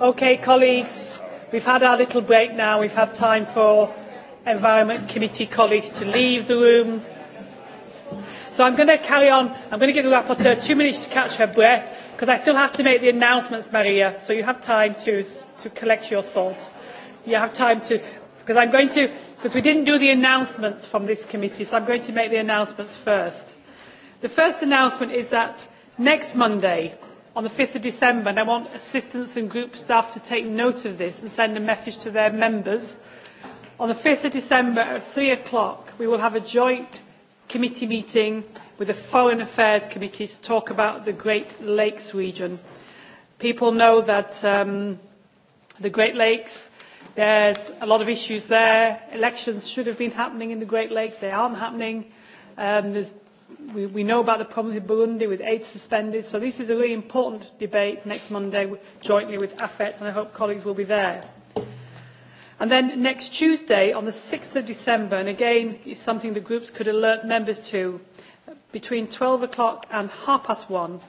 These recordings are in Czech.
Okay, colleagues, we've had our little break now. We've had time for Environment Committee colleagues to leave the room. So I'm going to carry on. I'm going to give the rapporteur two minutes to catch her breath because I still have to make the announcements, Maria. So you have time to, to collect your thoughts. You have time to, because I'm going to, because we didn't do the announcements from this committee, so I'm going to make the announcements first. The first announcement is that next Monday, on the 5th of December, and I want assistants and group staff to take note of this and send a message to their members. On the 5th of December at 3 o'clock, we will have a joint committee meeting with the Foreign Affairs Committee to talk about the Great Lakes region. People know that um, the Great Lakes, there's a lot of issues there. Elections should have been happening in the Great Lakes. They aren't happening. Um, there's we, we know about the problems in Burundi with aid suspended, so this is a really important debate next Monday jointly with AFET, and I hope colleagues will be there. And then next Tuesday, on the 6th of December, and again, it's something the groups could alert members to, between 12 o'clock and half past one,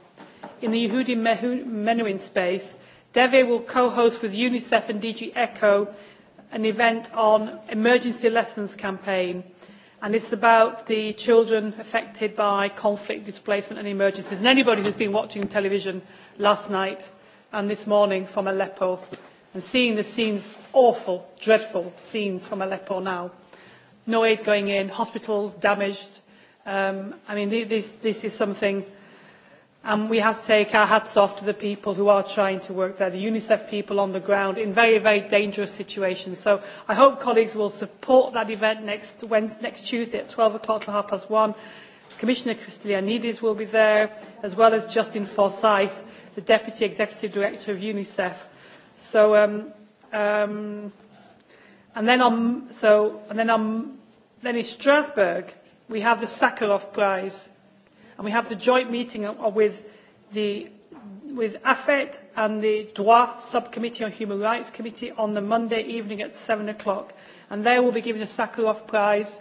in the Yehudi Menuhin space, DEVE will co-host with UNICEF and DG ECHO an event on emergency lessons campaign – and it's about the children affected by conflict, displacement and emergencies. And anybody who's been watching television last night and this morning from Aleppo and seeing the scenes, awful, dreadful scenes from Aleppo now. No aid going in, hospitals damaged. Um, I mean, this, this is something And we have to take our hats off to the people who are trying to work there, the UNICEF people on the ground in very, very dangerous situations. So I hope colleagues will support that event next, Wednesday, next Tuesday at 12 o'clock to half past one. Commissioner Christelianides will be there, as well as Justin Forsyth, the Deputy Executive Director of UNICEF. So, um, um, and then on, so, and then on, then in Strasbourg, we have the Sakharov Prize and we have the joint meeting with the with AFET and the Droit Subcommittee on Human Rights Committee on the Monday evening at 7 o'clock. And there will be giving the Sakharov Prize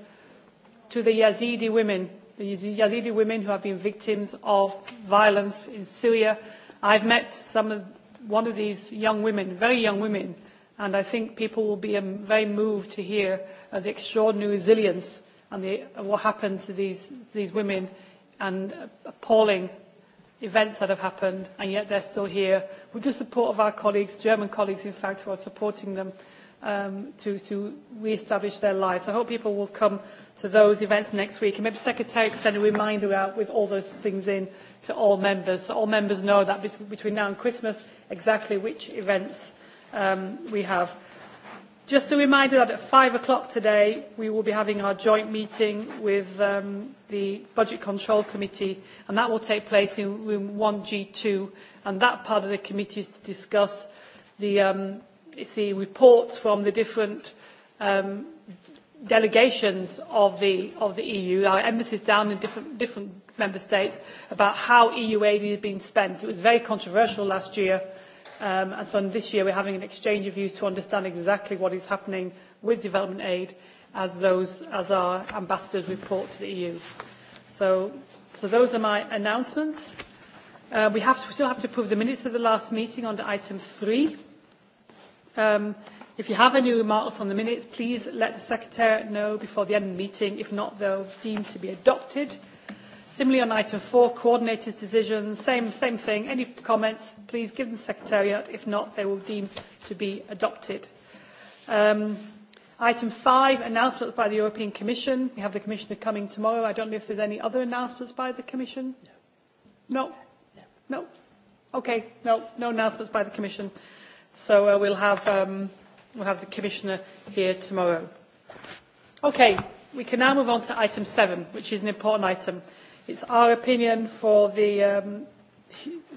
to the Yazidi women, the Yazidi women who have been victims of violence in Syria. I've met some of, one of these young women, very young women, and I think people will be um, very moved to hear uh, the extraordinary resilience and the, uh, what happened to these, these women and appalling events that have happened, and yet they're still here with the support of our colleagues, German colleagues, in fact, who are supporting them um, to, to re-establish their lives. So I hope people will come to those events next week. And maybe Secretary can send a reminder out with all those things in to all members, so all members know that between now and Christmas exactly which events um, we have. Just a reminder that at five o'clock today we will be having our joint meeting with um, the Budget Control Committee and that will take place in room 1G2 and that part of the committee is to discuss the, um, it's the reports from the different um, delegations of the, of the EU, our embassies down in different, different member states about how EU aid is being spent. It was very controversial last year Um, and so this year we're having an exchange of views to understand exactly what is happening with development aid as, those, as our ambassadors report to the EU. So, so those are my announcements. Uh, we, have to, we still have to approve the minutes of the last meeting under item three. Um, if you have any remarks on the minutes, please let the Secretariat know before the end of the meeting. If not, they'll deem to be adopted. Similarly on item four, coordinators' decisions, same, same thing. Any comments, please give them to the Secretariat. If not, they will deem to be adopted. Um, item five, announcements by the European Commission. We have the Commissioner coming tomorrow. I don't know if there's any other announcements by the Commission. No? No. no. Okay, no, no announcements by the Commission. So uh, we'll, have, um, we'll have the Commissioner here tomorrow. Okay, we can now move on to item seven, which is an important item It's our opinion for the, um,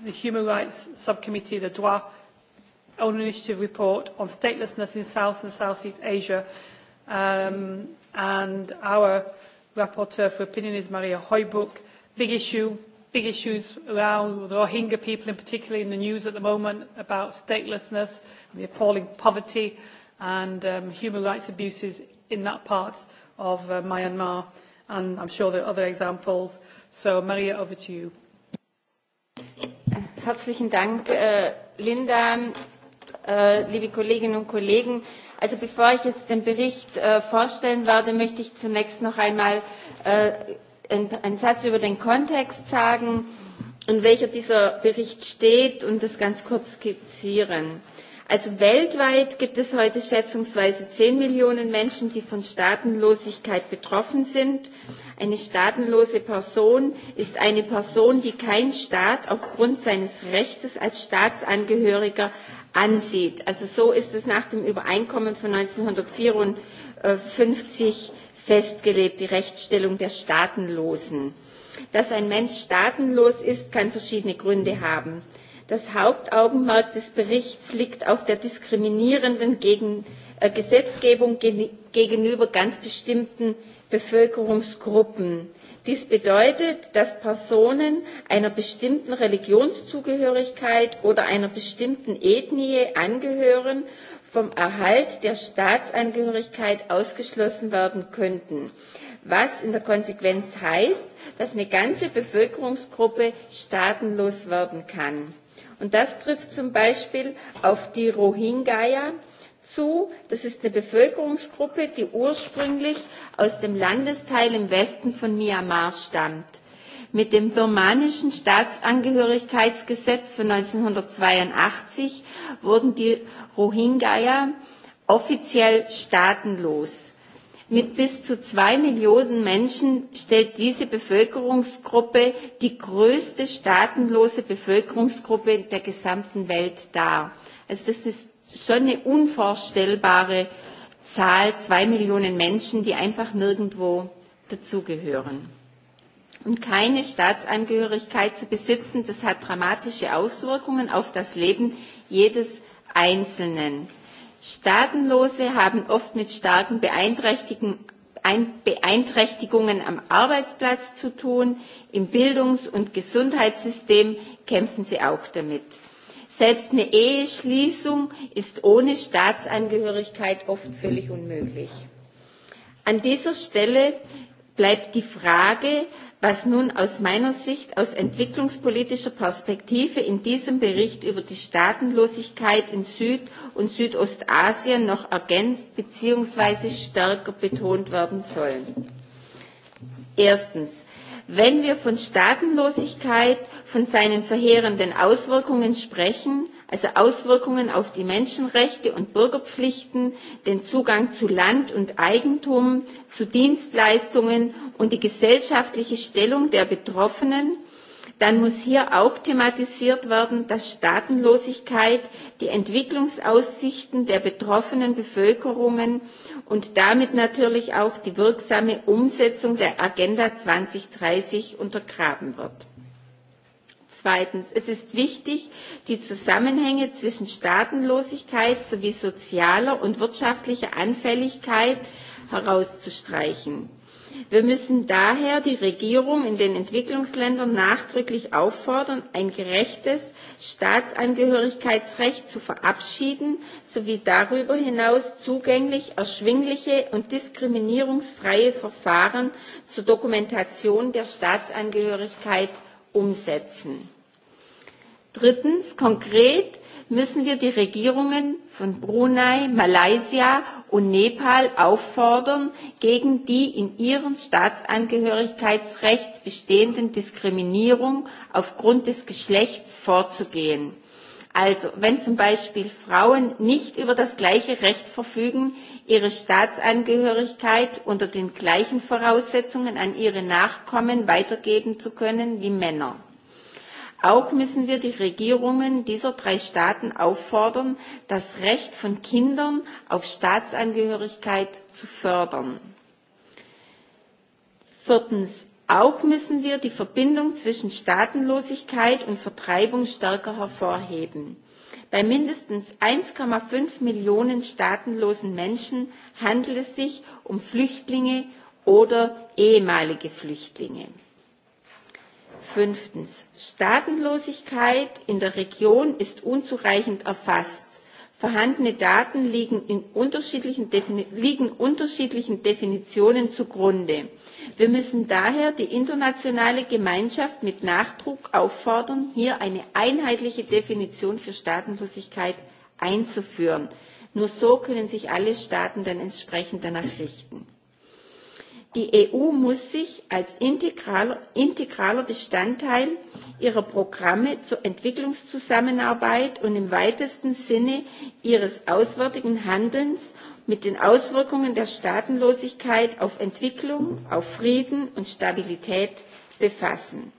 the Human Rights Subcommittee, the DWA, own initiative report on statelessness in South and Southeast Asia. Um, and our rapporteur for opinion is Maria Hoybuk. Big issue, big issues around the Rohingya people, and particularly in the news at the moment about statelessness and the appalling poverty and um, human rights abuses in that part of uh, Myanmar and I'm sure there are other examples. So Maria, over to you. Herzlichen Dank, äh, Linda, äh, liebe Kolleginnen und Kollegen. Also bevor ich jetzt den Bericht äh, vorstellen werde, möchte ich zunächst noch einmal äh, einen einen Satz über den Kontext sagen, in welcher dieser Bericht steht und das ganz kurz skizzieren. Äh, Also weltweit gibt es heute schätzungsweise 10 Millionen Menschen, die von Staatenlosigkeit betroffen sind. Eine staatenlose Person ist eine Person, die kein Staat aufgrund seines Rechtes als Staatsangehöriger ansieht. Also so ist es nach dem Übereinkommen von 1954 festgelegt, die Rechtsstellung der Staatenlosen. Dass ein Mensch staatenlos ist, kann verschiedene Gründe haben. Das Hauptaugenmerk des Berichts liegt auf der diskriminierenden gegen, äh, Gesetzgebung gen, gegenüber ganz bestimmten Bevölkerungsgruppen. Dies bedeutet, dass Personen einer bestimmten Religionszugehörigkeit oder einer bestimmten Ethnie angehören, vom Erhalt der Staatsangehörigkeit ausgeschlossen werden könnten, was in der Konsequenz heißt, dass eine ganze Bevölkerungsgruppe staatenlos werden kann. Und das trifft zum Beispiel auf die Rohingya zu. Das ist eine Bevölkerungsgruppe, die ursprünglich aus dem Landesteil im Westen von Myanmar stammt. Mit dem birmanischen Staatsangehörigkeitsgesetz von 1982 wurden die Rohingya offiziell staatenlos. Mit bis zu zwei Millionen Menschen stellt diese Bevölkerungsgruppe die größte staatenlose Bevölkerungsgruppe der gesamten Welt dar. Also das ist schon eine unvorstellbare Zahl, zwei Millionen Menschen, die einfach nirgendwo dazugehören. Und keine Staatsangehörigkeit zu besitzen, das hat dramatische Auswirkungen auf das Leben jedes Einzelnen. Staatenlose haben oft mit starken Beeinträchtigungen am Arbeitsplatz zu tun. Im Bildungs- und Gesundheitssystem kämpfen sie auch damit. Selbst eine Eheschließung ist ohne Staatsangehörigkeit oft völlig unmöglich. An dieser Stelle bleibt die Frage, was nun aus meiner Sicht aus entwicklungspolitischer Perspektive in diesem Bericht über die Staatenlosigkeit in Süd- und Südostasien noch ergänzt bzw. stärker betont werden soll. Erstens. Wenn wir von Staatenlosigkeit, von seinen verheerenden Auswirkungen sprechen, also Auswirkungen auf die Menschenrechte und Bürgerpflichten, den Zugang zu Land und Eigentum, zu Dienstleistungen und die gesellschaftliche Stellung der Betroffenen, dann muss hier auch thematisiert werden, dass Staatenlosigkeit die Entwicklungsaussichten der betroffenen Bevölkerungen und damit natürlich auch die wirksame Umsetzung der Agenda 2030 untergraben wird. Zweitens, es ist wichtig, die Zusammenhänge zwischen Staatenlosigkeit sowie sozialer und wirtschaftlicher Anfälligkeit herauszustreichen. Wir müssen daher die Regierung in den Entwicklungsländern nachdrücklich auffordern, ein gerechtes Staatsangehörigkeitsrecht zu verabschieden sowie darüber hinaus zugänglich erschwingliche und diskriminierungsfreie Verfahren zur Dokumentation der Staatsangehörigkeit umsetzen. Drittens, konkret müssen wir die Regierungen von Brunei, Malaysia und Nepal auffordern, gegen die in ihrem Staatsangehörigkeitsrecht bestehenden Diskriminierung aufgrund des Geschlechts vorzugehen. Also, wenn zum Beispiel Frauen nicht über das gleiche Recht verfügen, ihre Staatsangehörigkeit unter den gleichen Voraussetzungen an ihre Nachkommen weitergeben zu können wie Männer. Auch müssen wir die Regierungen dieser drei Staaten auffordern, das Recht von Kindern auf Staatsangehörigkeit zu fördern. Viertens. Auch müssen wir die Verbindung zwischen Staatenlosigkeit und Vertreibung stärker hervorheben. Bei mindestens 1,5 Millionen staatenlosen Menschen handelt es sich um Flüchtlinge oder ehemalige Flüchtlinge. Fünftens. Staatenlosigkeit in der Region ist unzureichend erfasst. Vorhandene Daten liegen, in unterschiedlichen liegen unterschiedlichen Definitionen zugrunde. Wir müssen daher die internationale Gemeinschaft mit Nachdruck auffordern, hier eine einheitliche Definition für Staatenlosigkeit einzuführen. Nur so können sich alle Staaten dann entsprechend danach richten. Die EU muss sich als integraler, integraler Bestandteil ihrer Programme zur Entwicklungszusammenarbeit und im weitesten Sinne ihres auswärtigen Handelns mit den Auswirkungen der Staatenlosigkeit auf Entwicklung, auf Frieden und Stabilität befassen.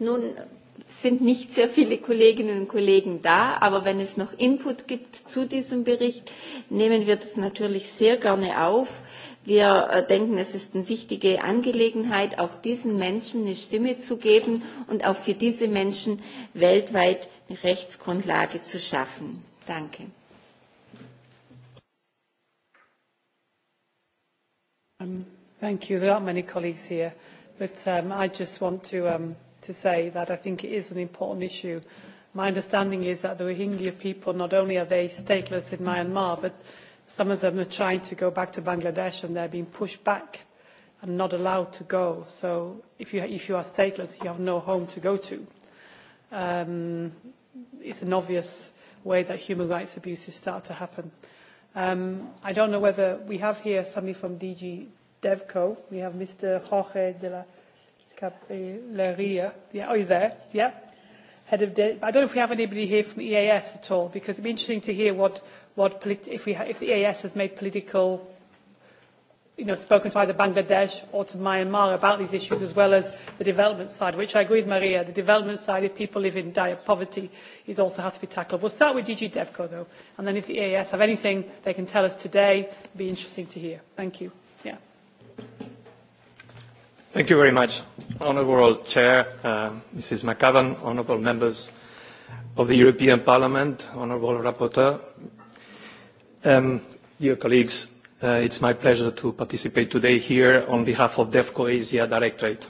Nun sind nicht sehr viele Kolleginnen und Kollegen da, aber wenn es noch Input gibt zu diesem Bericht, nehmen wir das natürlich sehr gerne auf. Wir äh, denken, es ist eine wichtige Angelegenheit, auch diesen Menschen eine Stimme zu geben und auch für diese Menschen weltweit eine Rechtsgrundlage zu schaffen. Danke. Um, thank you. There aren't many colleagues here, but um, I just want to, um, to say that I think it is an important issue. My understanding is that the Rohingya people, not only are they stateless in Myanmar, but Some of them are trying to go back to Bangladesh and they're being pushed back and not allowed to go. So if you, if you are stateless, you have no home to go to. Um, it's an obvious way that human rights abuses start to happen. Um, I don't know whether we have here somebody from DG DevCo. We have Mr. Jorge de la Capelleria. Yeah, oh, he's there. Yeah. Head of De- I don't know if we have anybody here from EAS at all, because it would be interesting to hear what what polit- if, we ha if the EAS has made political, you know, spoken to either Bangladesh or to Myanmar about these issues, as well as the development side, which I agree with Maria. The development side, if people live in dire poverty, is also has to be tackled. We'll start with DG DevCo, though, and then if the EAS have anything they can tell us today, it'd be interesting to hear. Thank you. Yeah. Thank you very much, Honourable Chair, uh, um, Mrs. McAvan, Honourable Members of the European Parliament, Honourable Rapporteur, Um, dear colleagues, uh, it's my pleasure to participate today here on behalf of DEFCO Asia Directorate.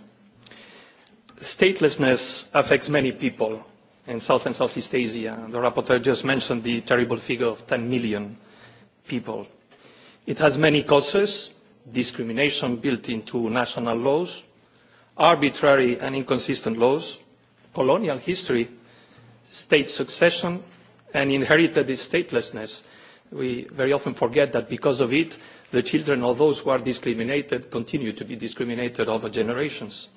Statelessness affects many people in South and Southeast Asia. The rapporteur just mentioned the terrible figure of 10 million people. It has many causes, discrimination built into national laws, arbitrary and inconsistent laws, colonial history, state succession, and inherited statelessness – we very often forget that because of it, the children of those who are discriminated continue to be discriminated over generations.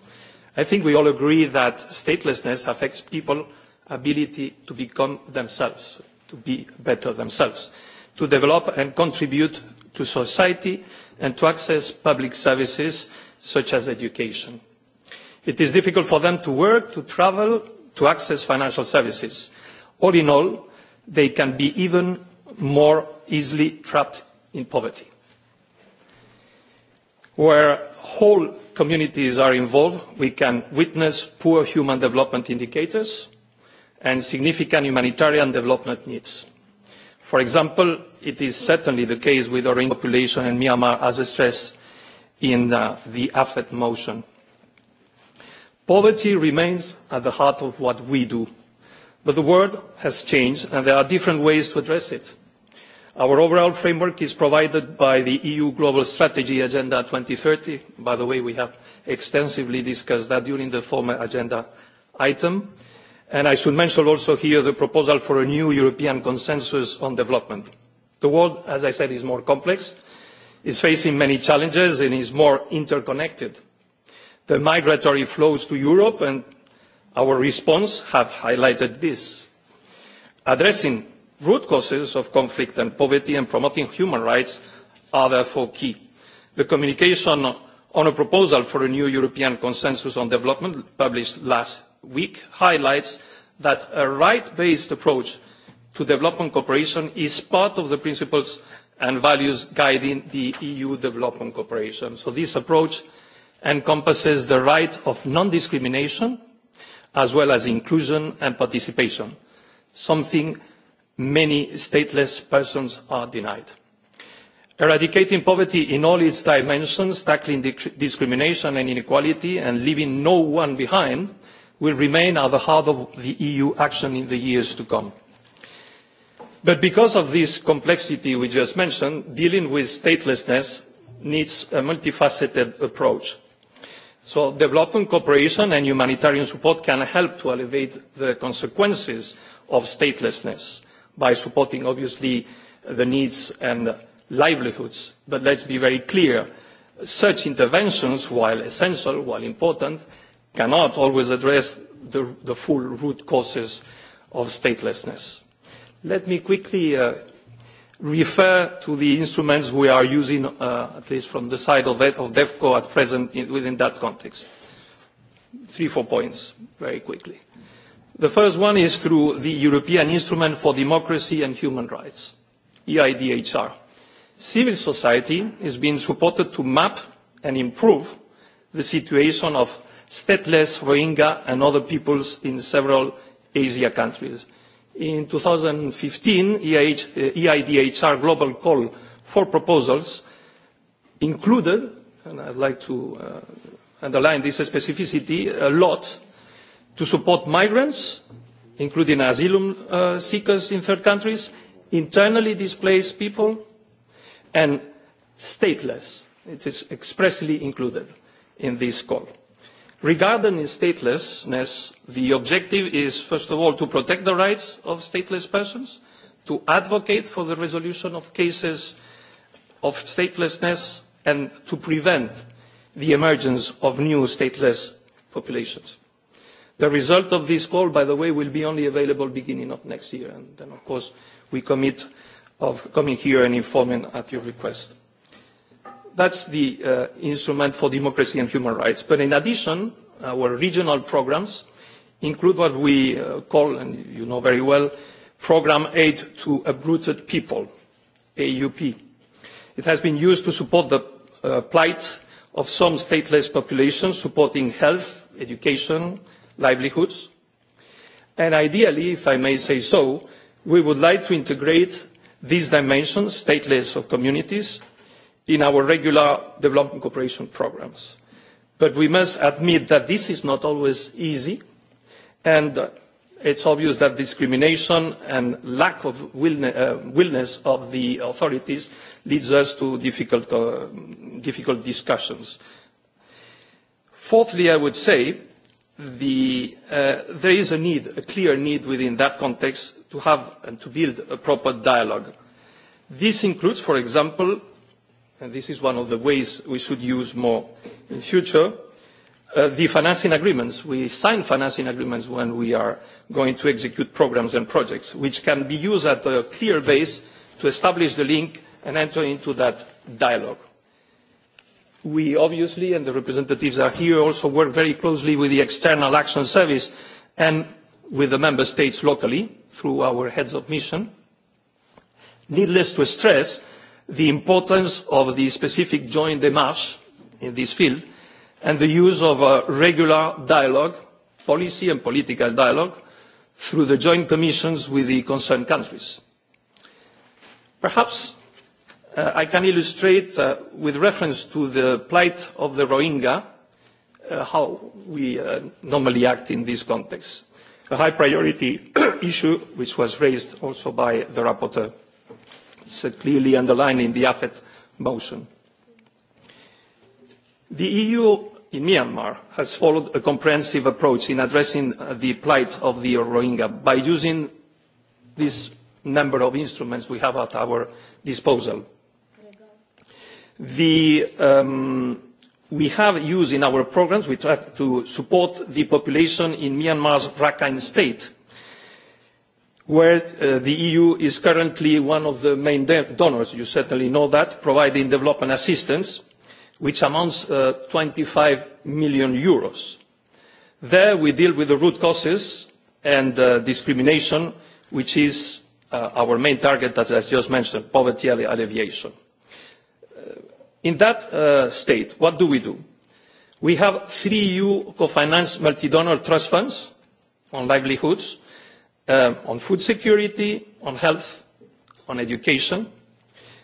I think we all agree that statelessness affects people's ability to become themselves, to be better themselves, to develop and contribute to society and to access public services such as education. It is difficult for them to work, to travel, to access financial services. All in all, they can be even more easily trapped in poverty. Where whole communities are involved, we can witness poor human development indicators and significant humanitarian development needs. For example, it is certainly the case with our population in Myanmar, as stressed in uh, the AFET motion. Poverty remains at the heart of what we do But the world has changed, and there are different ways to address it. Our overall framework is provided by the EU Global Strategy Agenda two thousand and thirty By the way, we have extensively discussed that during the former agenda item. And I should mention also here the proposal for a new European consensus on development. The world, as I said, is more complex, is facing many challenges, and is more interconnected. The migratory flows to Europe Our response have highlighted this. Addressing root causes of conflict and poverty and promoting human rights are therefore key. The communication on a proposal for a new European consensus on development published last week highlights that a right-based approach to development cooperation is part of the principles and values guiding the EU development cooperation. So this approach encompasses the right of non-discrimination as well as inclusion and participation, something many stateless persons are denied. Eradicating poverty in all its dimensions, tackling discrimination and inequality, and leaving no one behind will remain at the heart of the EU action in the years to come. But because of this complexity we just mentioned, dealing with statelessness needs a multifaceted approach So development cooperation and humanitarian support can help to alleviate the consequences of statelessness by supporting, obviously, the needs and livelihoods. But let's be very clear, such interventions, while essential, while important, cannot always address the, the full root causes of statelessness. Let me quickly uh, refer to the instruments we are using, uh, at least from the side of, of DEFCO at present in, within that context. Three, four points, very quickly. The first one is through the European Instrument for Democracy and Human Rights, EIDHR. Civil society is being supported to map and improve the situation of stateless Rohingya and other peoples in several Asia countries In 2015, EIDHR eh, e Global Call for Proposals included, and I'd like to uh, underline this specificity a lot, to support migrants, including asylum uh, seekers in third countries, internally displaced people, and stateless. It is expressly included in this call. Regarding statelessness, the objective is, first of all, to protect the rights of stateless persons, to advocate for the resolution of cases of statelessness, and to prevent the emergence of new stateless populations. The result of this call, by the way, will be only available beginning of next year, and then, of course, we commit of coming here and informing at your request. That's the uh, instrument for democracy and human rights. But in addition, our regional programs include what we uh, call, and you know very well, Program Aid to Uprooted People, AUP. It has been used to support the uh, plight of some stateless populations, supporting health, education, livelihoods. And ideally, if I may say so, we would like to integrate these dimensions, stateless of communities, in our regular development cooperation programmes. But we must admit that this is not always easy, and uh, it is obvious that discrimination and lack of uh, willingness uh, of the authorities leads us to difficult, uh, discussions. Fourthly, I would say that there is a need, a clear need within that context to have and to build a proper dialogue. This includes, for example, and this is one of the ways we should use more in future, uh, the financing agreements. We sign financing agreements when we are going to execute programs and projects, which can be used at a clear base to establish the link and enter into that dialogue. We obviously, and the representatives are here, also work very closely with the External Action Service and with the member states locally through our heads of mission. Needless to stress the importance of the specific joint démarche in this field and the use of a regular dialogue, policy and political dialogue, through the joint commissions with the concerned countries. Perhaps uh, I can illustrate uh, with reference to the plight of the Rohingya uh, how we normally act in this context. A high priority issue which was raised also by the rapporteur is clearly underlined in the AFET motion. The EU in Myanmar has followed a comprehensive approach in addressing uh, the plight of the Rohingya by using this number of instruments we have at our disposal. The, um, we have used in our programs, we try to support the population in Myanmar's Rakhine state where uh, the EU is currently one of the main donors, you certainly know that, providing development assistance, which amounts to uh, 25 million euros. There we deal with the root causes and uh, discrimination, which is uh, our main target, as I just mentioned, poverty alleviation. Uh, in that uh, state, what do we do? We have three EU co-financed multi-donor trust funds on livelihoods, Um, on food security, on health, on education,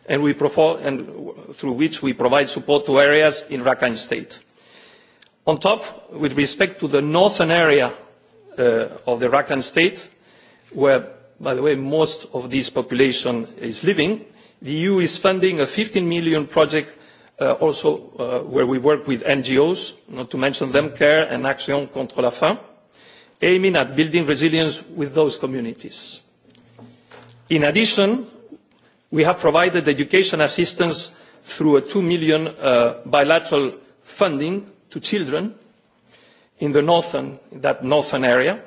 and, we and through which we provide support to areas in Rakhine State. On top, with respect to the northern area uh, of the Rakhine State, where, by the way, most of this population is living, the EU is funding a 15 million project uh, also uh, where we work with NGOs, not to mention them, CARE and Action contre la faim, aiming at building resilience with those communities. In addition, we have provided education assistance through a 2 million uh, bilateral funding to children in the northern, that northern area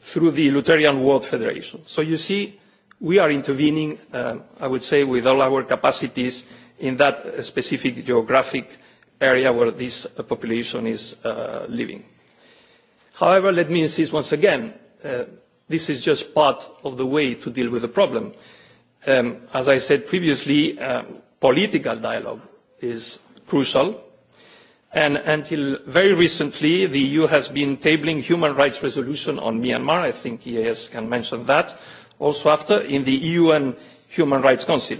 through the Lutheran World Federation. So you see, we are intervening, uh, I would say, with all our capacities in that specific geographic area where this uh, population is uh, living. However, let me insist once again, uh, this is just part of the way to deal with the problem. Um, as I said previously, um, political dialogue is crucial. And until very recently, the EU has been tabling human rights resolution on Myanmar. I think eeas can mention that also after in the EU and Human Rights Council.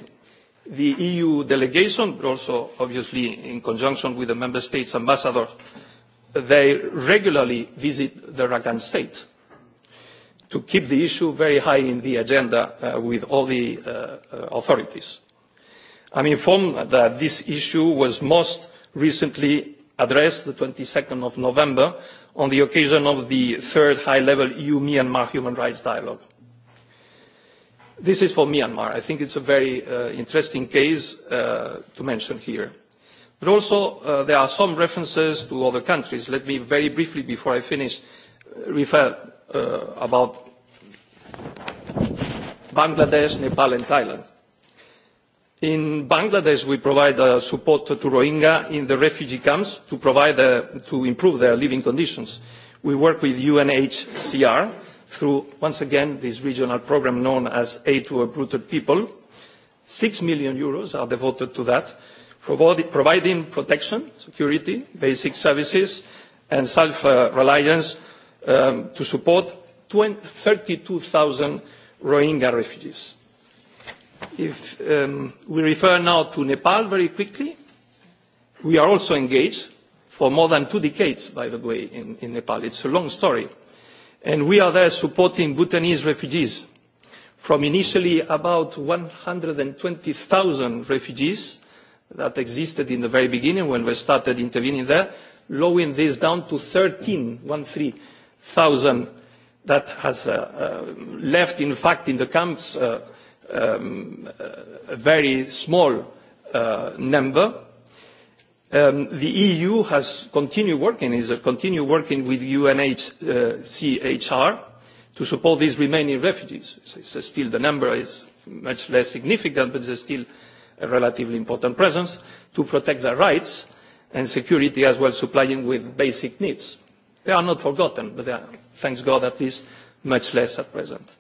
The EU delegation, but also obviously in conjunction with the member states ambassadors they regularly visit the Rakhine state to keep the issue very high in the agenda uh, with all the authorities. Uh, authorities. I'm informed that this issue was most recently addressed the 22nd of November on the occasion of the third high-level EU-Myanmar human rights dialogue. This is for Myanmar. I think it's a very uh, interesting case to mention here. But also, uh, there are some references to other countries. Let me very briefly, before I finish, refer uh, about Bangladesh, Nepal, and Thailand. In Bangladesh, we provide uh, support to Rohingya in the refugee camps to, provide, uh, to improve their living conditions. We work with UNHCR through, once again, this regional program known as Aid to Uprooted People. Six million euros are devoted to that providing protection, security, basic services, and self-reliance um, to support 32,000 Rohingya refugees. If um, we refer now to Nepal very quickly, we are also engaged for more than two decades, by the way, in, in Nepal. It's a long story. And we are there supporting Bhutanese refugees from initially about 120,000 refugees that existed in the very beginning when we started intervening there, lowering this down to 13, thousand that has uh, uh, left, in fact, in the camps uh, um, a very small uh, number. Um, the EU has continued working, is uh, continued working with UNHCR uh, to support these remaining refugees. So still the number is much less significant, but is still a relatively important presence, to protect their rights and security as well, supplying with basic needs. They are not forgotten, but they are, thanks God, at least much less at present.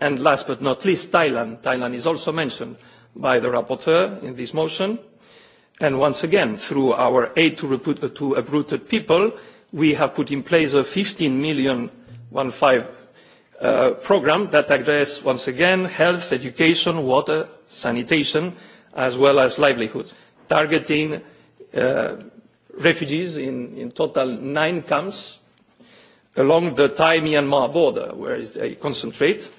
And last but not least, Thailand. Thailand is also mentioned by the rapporteur in this motion. And once again, through our aid to, reput- to uprooted people, we have put in place a 15 million one five uh, program that addresses once again health, education, water, sanitation, as well as livelihood, targeting uh, refugees in, in total nine camps along the Thai-Myanmar border, where they concentrate,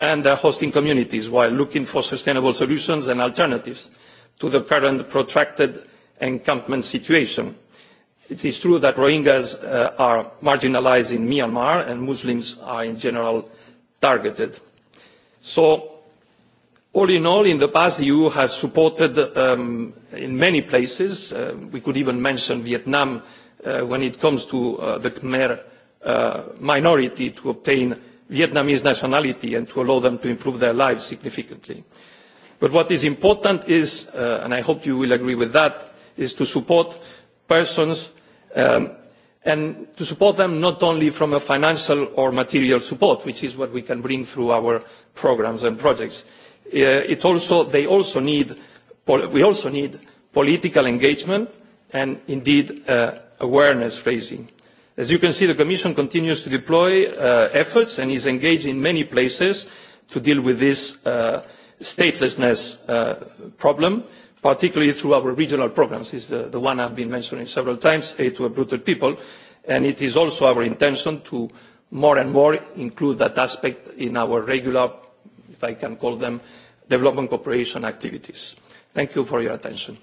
and their hosting communities while looking for sustainable solutions and alternatives to the current protracted encampment situation. It is true that Rohingyas uh, are marginalised in Myanmar and Muslims are in general targeted. So All in all, in the past, the EU has supported um, in many places. Uh, we could even mention Vietnam uh, when it comes to uh, the Khmer uh, minority to obtain Vietnamese nationality and to allow them to improve their lives significantly. But what is important is, uh, and I hope you will agree with that, is to support persons um, and to support them not only from a financial or material support, which is what we can bring through our programs and projects, Uh, they also need, we also need political engagement and indeed uh, awareness raising. As you can see, the Commission continues to deploy uh, efforts and is engaged in many places to deal with this statelessness problem, particularly through our regional programmes. This is the, one I have been mentioning several times, Aid to Uprooted People, and it is also our intention to more and more include that aspect in our regular, if I can call them, development cooperation activities. Thank you for your attention.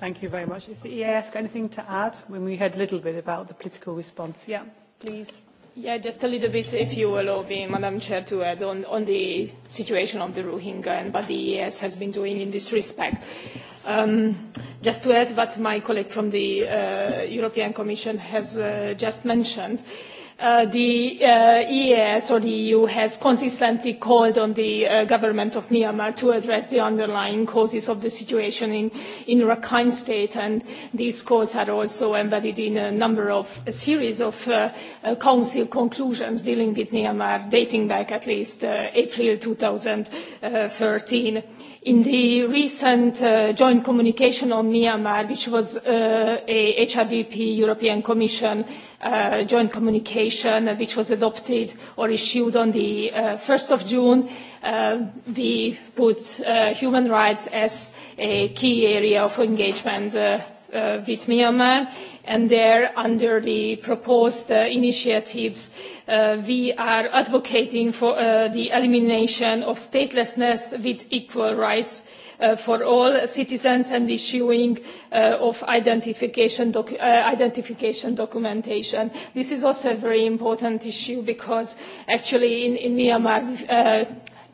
Thank you very much. Is the EAS got anything to add? When we heard a little bit about the political response. Yeah, please. Yeah, just a little bit, if you allow me, Madam Chair, to add on, on the situation of the Rohingya and what the EAS has been doing in this respect. Um, just to add what my colleague from the uh, European Commission has uh, just mentioned, uh, Uh, the uh, EAS or the EU has consistently called on the uh, government of Myanmar to address the underlying causes of the situation in, in Rakhine state and these calls are also embedded in a number of a series of uh, uh, council conclusions dealing with Myanmar dating back at least uh, April 2013. In the recent uh, joint communication on Myanmar, which was uh, a HRBP European Commission uh, joint communication, uh, which was adopted or issued on the uh, 1st of June, uh, we put uh, human rights as a key area of engagement uh, Uh, with Myanmar, and there, under the proposed uh, initiatives, uh, we are advocating for uh, the elimination of statelessness with equal rights uh, for all citizens and issuing uh, of identification, docu uh, identification documentation. This is also a very important issue because actually in, in Myanmar uh,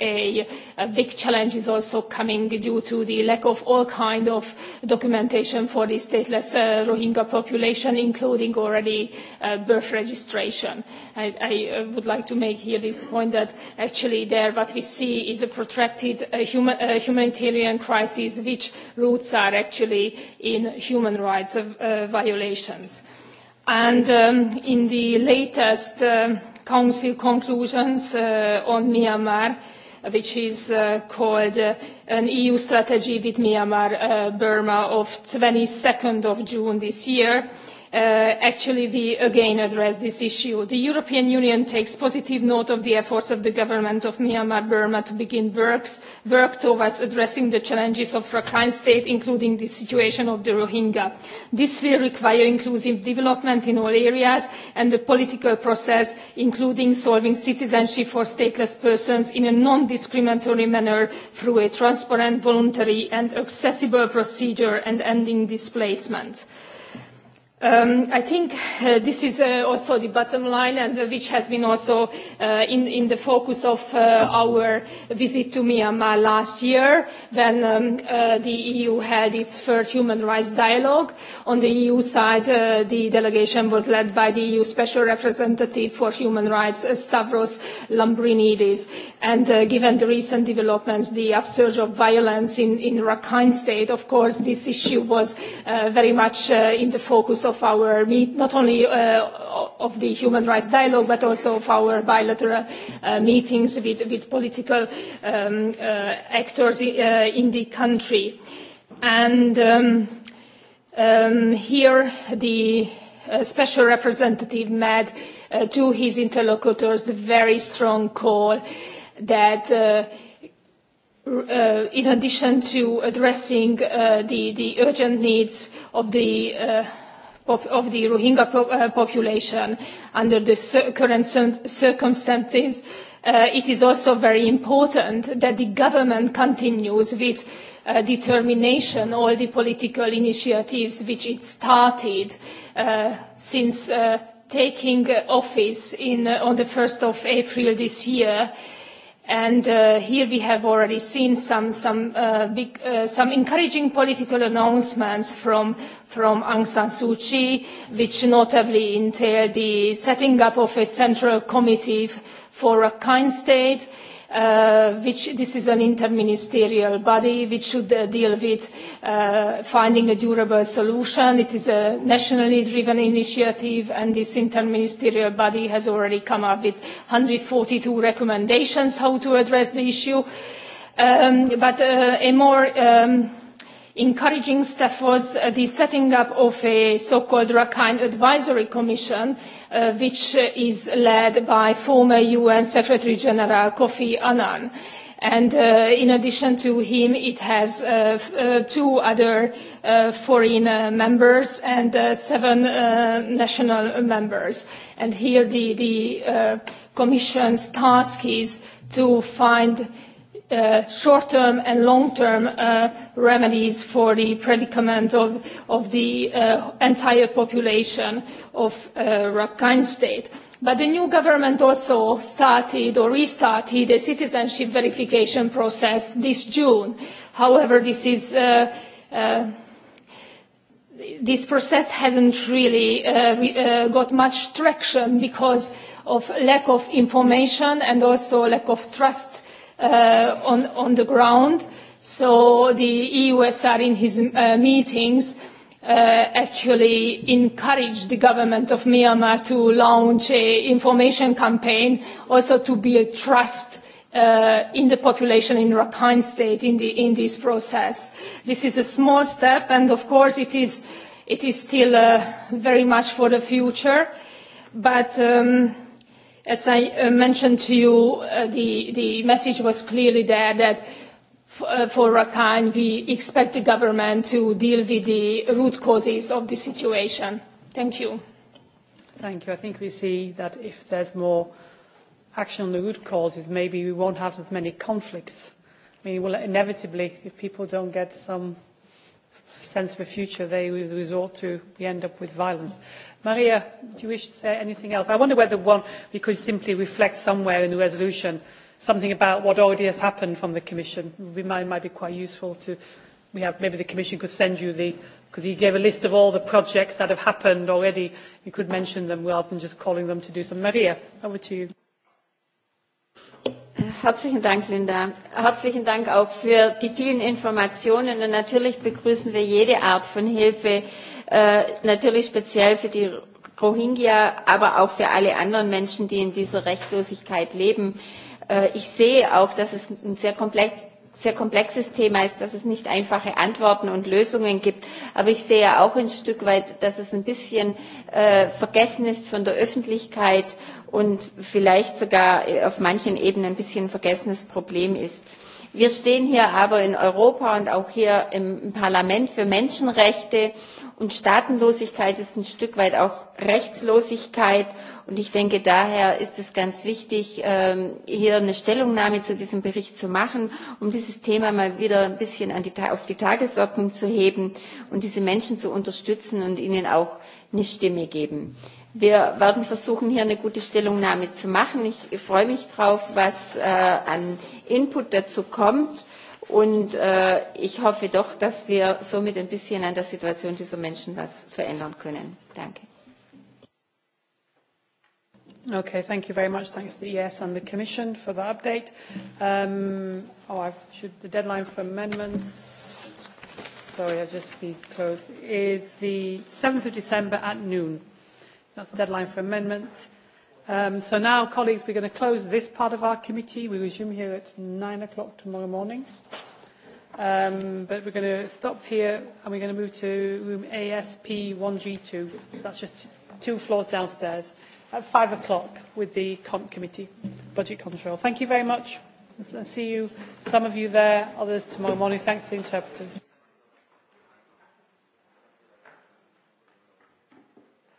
a, big challenge is also coming due to the lack of all kind of documentation for the stateless uh, Rohingya population, including already uh, birth registration. I, I uh, would like to make here this point that actually there what we see is a protracted uh, human, uh, humanitarian crisis which roots are actually in human rights uh, uh violations. And um, in the latest uh, Council conclusions uh, on Myanmar, which is uh, called uh, an EU strategy with Myanmar, uh, Burma of 22nd of June this year uh, actually we again address this issue. The European Union takes positive note of the efforts of the government of Myanmar Burma to begin works, work towards addressing the challenges of Rakhine State, including the situation of the Rohingya. This will require inclusive development in all areas and the political process, including solving citizenship for stateless persons in a non-discriminatory manner through a transparent, voluntary and accessible procedure and ending displacement. Um, I think uh, this is uh, also the bottom line and uh, which has been also uh, in, in the focus of uh, our visit to Myanmar last year when um, uh, the EU held its first human rights dialogue. On the EU side, the delegation was led by the EU Special Representative for Human Rights, Stavros Lambrinidis. And given the recent developments, the upsurge of violence in, in Rakhine State, of course, this issue was very much in the focus of our meet, not only uh, of the human rights dialogue, but also of our bilateral uh, meetings with, with political um, uh, actors uh, in the country. And um, um, here the uh, special representative made uh, to his interlocutors the very strong call that uh, Uh, in addition to addressing uh, the, the urgent needs of the uh, of, the Rohingya uh, population under the current circumstances. Uh, it is also very important that the government continues with uh, determination all the political initiatives which it started uh, since uh, taking office in, uh, on the 1st of April this year uh, And uh, here we have already seen some, uh, big, uh, some encouraging political announcements from, from Aung San Suu Kyi, which notably entail the setting up of a central committee for Rakhine State, uh, which this is an interministerial body which should uh, deal with uh, finding a durable solution. It is a nationally driven initiative and this interministerial body has already come up with 142 recommendations how to address the issue. Um, but uh, a more um, encouraging step was uh, the setting up of a so-called Rakhine Advisory Commission, uh, which is led by former UN Secretary General Kofi Annan. And uh, in addition to him, it has uh, uh, two other uh, foreign uh, members and uh, seven uh, national members. And here the, the uh, Commission's task is to find Uh, short-term and long-term uh, remedies for the predicament of, the uh, entire population of Rakhine state. But the new government also started or restarted a citizenship verification process this June. However, this is uh, uh, process hasn't really got much traction because of lack of information and also lack of trust uh, on, on the ground. So the EUSR in his uh, meetings uh, actually encouraged the government of Myanmar to launch an information campaign, also to build trust uh, in the population in Rakhine State in, the, in this process. This is a small step, and of course it is, it is still uh, very much for the future. But um, As I uh, mentioned to you, uh, the, message was clearly there that uh, for Rakhine, we expect the government to deal with the root causes of the situation. Thank you. Thank you. I think we see that if there's more action on the root causes, maybe we won't have as many conflicts. I mean, well, inevitably, if people don't get some sense of a future, they will resort to, we end up with violence. Maria, do you wish to say anything else? I wonder whether one, we could simply reflect somewhere in the resolution something about what already has happened from the Commission. It might, might be quite useful to, we have, maybe the Commission could send you the, because he gave a list of all the projects that have happened already. You could mention them rather than just calling them to do some. Maria, over to you. Herzlichen Dank, Linda. Herzlichen Dank auch für die vielen Informationen. Und natürlich begrüßen wir jede Art von Hilfe, Äh, natürlich speziell für die Rohingya, aber auch für alle anderen Menschen, die in dieser Rechtlosigkeit leben. Äh, ich sehe auch, dass es ein sehr komplex, sehr komplexes Thema ist, dass es nicht einfache Antworten und Lösungen gibt. Aber ich sehe auch ein Stück weit, dass es ein bisschen äh, vergessen ist von der Öffentlichkeit und vielleicht sogar äh, auf manchen Ebenen ein bisschen ein vergessenes Problem ist. Wir stehen hier aber in Europa und auch hier im Parlament für Menschenrechte Und Staatenlosigkeit ist ein Stück weit auch Rechtslosigkeit. Und ich denke, daher ist es ganz wichtig, ähm, hier eine Stellungnahme zu diesem Bericht zu machen, um dieses Thema mal wieder ein bisschen auf die Tagesordnung zu heben und diese Menschen zu unterstützen und ihnen auch eine Stimme zu geben. Wir werden versuchen, hier eine gute Stellungnahme zu machen. Ich freue mich darauf was äh, an Input dazu kommt. Und äh, ich hoffe doch, dass wir somit ein bisschen an der Situation dieser Menschen was verändern können. Danke. Okay, thank you very much. Thanks to the ES and the Commission for the update. Um, oh, I've, should, the deadline for amendments, sorry, I'll just be close, is the 7th of December at noon. That's the deadline for amendments. Um, so now, colleagues, we're going to close this part of our committee. We resume here at nine o'clock tomorrow morning. Um, but we're going to stop here and we're going to move to room ASP 1G2. that's just two floors downstairs at five o'clock with the comp committee, budget control. Thank you very much. I see you, some of you there, others tomorrow morning. Thanks to the interpreters.